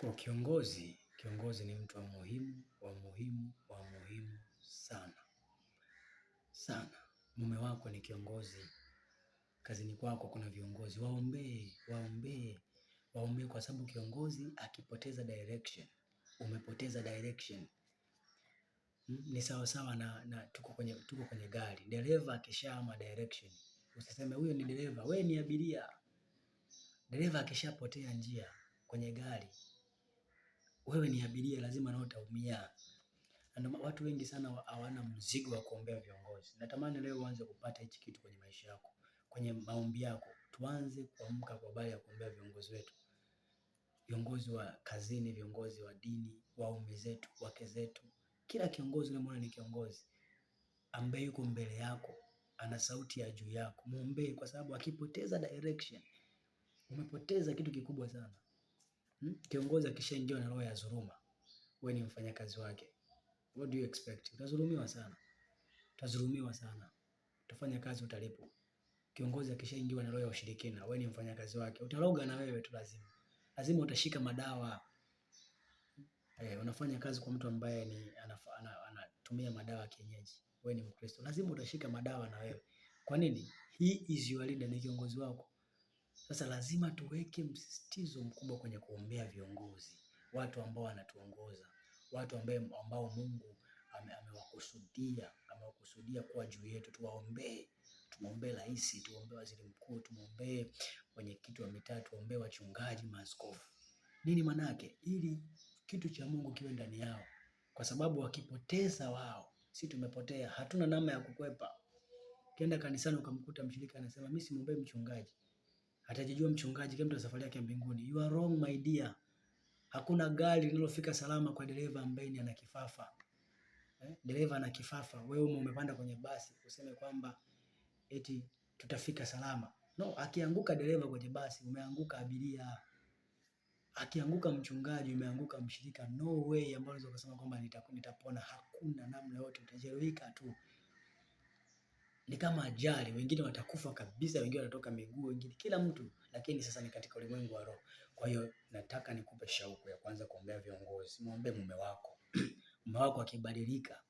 Kwa kiongozi, kiongozi ni mtu wa muhimu, wa muhimu, wa muhimu sana. Sana. Mume wako ni kiongozi. Kazini kwako kuna viongozi. Waombee, waombee, waombee kwa sababu kiongozi akipoteza direction. Umepoteza direction. Hmm, ni sawasawa na, na tuko kwenye, tuko kwenye gari. Dereva akishaama direction. Usiseme huyo ni dereva, we ni abiria. Dereva akishapotea njia kwenye gari wewe ni abiria, lazima nao utaumia. Na watu wengi sana hawana mzigo wa kuombea viongozi. Natamani leo uanze kupata hichi kitu kwenye maisha yako, kwenye maombi yako. Tuanze kuamka kwa habari ya kuombea viongozi wetu, viongozi wa kazini, viongozi wa dini, waume zetu, wake zetu. Kila kiongozi unamwona ni kiongozi ambaye yuko mbele yako, ana sauti ya juu yako, mwombee, kwa sababu akipoteza direction, umepoteza kitu kikubwa sana. Hmm? Kiongozi akishaingiwa na roho ya dhuluma, wewe ni mfanyakazi wake. What do you expect? Utadhulumiwa sana. Utadhulumiwa sana. Utafanya kazi utalipwa. Kiongozi akishaingiwa na roho ya ushirikina, wewe ni mfanyakazi wake. Utaroga na wewe tu lazima. Lazima utashika madawa. Eh, unafanya kazi kwa mtu ambaye ni anatumia ana, ana, madawa kienyeji. Wewe ni Mkristo. Lazima utashika madawa na wewe. Kwa nini? He is your leader, ni kiongozi wako. Sasa lazima tuweke msisitizo mkubwa kwenye kuombea viongozi, watu ambao wanatuongoza, watu ambao Mungu amewakusudia amewakusudia kuwa juu yetu. Tuwaombee, tumwombee rais, tuombee waziri mkuu, tumwombee mwenyekiti wa mitaa, tuombee wachungaji, maaskofu. Nini maana yake? Ili kitu cha Mungu kiwe ndani yao, kwa sababu wakipoteza wao, si tumepotea. Hatuna namna ya kukwepa. Ukienda kanisani ukamkuta mshirika anasema mimi simwombee mchungaji Atajijua mchungaji kama mtu safari yake ya mbinguni. You are wrong my dear. Hakuna gari linalofika salama kwa dereva ambaye ni ana kifafa. Eh? Dereva ana kifafa, wewe ume umepanda kwenye basi useme kwamba eti tutafika salama. No, akianguka dereva kwenye basi umeanguka abiria. Akianguka mchungaji umeanguka mshirika. No way ambao unaweza kusema kwamba nitapona. Hakuna namna yote, utajeruhika tu ni kama ajali, wengine watakufa kabisa, wengine watatoka miguu, wengine kila mtu, lakini sasa ni katika ulimwengu wa roho. Kwa hiyo nataka nikupe shauku ya kwanza kuombea viongozi, muombe mume wako mume wako akibadilika,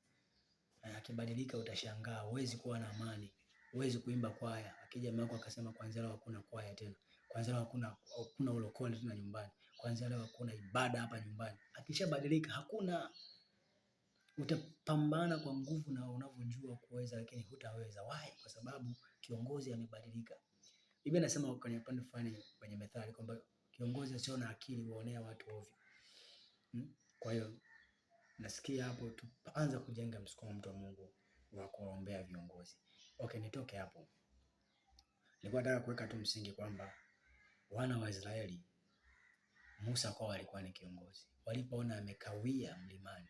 eh, akibadilika utashangaa, huwezi kuwa na amani, huwezi kuimba kwaya. Akija mume wako akasema, kwanza leo hakuna kwaya tena, kwanza leo hakuna hakuna ulokole tena nyumbani, kwanza leo hakuna ibada hapa nyumbani. Akishabadilika hakuna, utapambana kwa nguvu na unavyo unatakiwa kuweza, lakini hutaweza. Why? Kwa sababu kiongozi amebadilika. Biblia inasema kwenye upande fulani kwenye Methali kwamba kiongozi asio na akili huonea watu ovyo. Hmm? Kwa hiyo nasikia hapo tuanza kujenga msukumo, mtu wa Mungu, wa kuombea viongozi. Okay, nitoke hapo. Nilikuwa nataka kuweka tu msingi kwamba wana wa Israeli Musa kwao walikuwa ni kiongozi, walipoona amekawia mlimani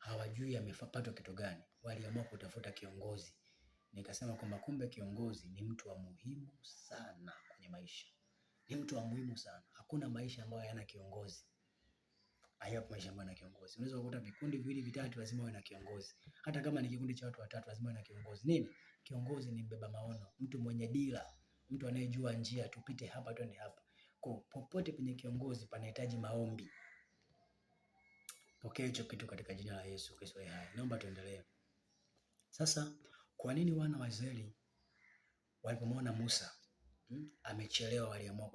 hawajui amepatwa kitu gani, waliamua kutafuta kiongozi. Nikasema kwamba kumbe kiongozi ni mtu wa muhimu sana kwenye maisha, ni mtu wa muhimu sana. Hakuna maisha ambayo hayana kiongozi, hayapo maisha ambayo yana kiongozi. Unaweza kukuta vikundi viwili vitatu, lazima wawe na kiongozi. Hata kama ni kikundi cha watu watatu, lazima wawe na kiongozi. Nini? Kiongozi ni mbeba maono, mtu mwenye dira, mtu anayejua njia, tupite hapa, twende hapa. Kwa popote penye kiongozi panahitaji maombi. Pokea hicho kitu katika jina la Yesu Kristo. Naomba tuendelee sasa. Kwa nini wana wa Israeli walipomwona Musa hmm, amechelewa waliamua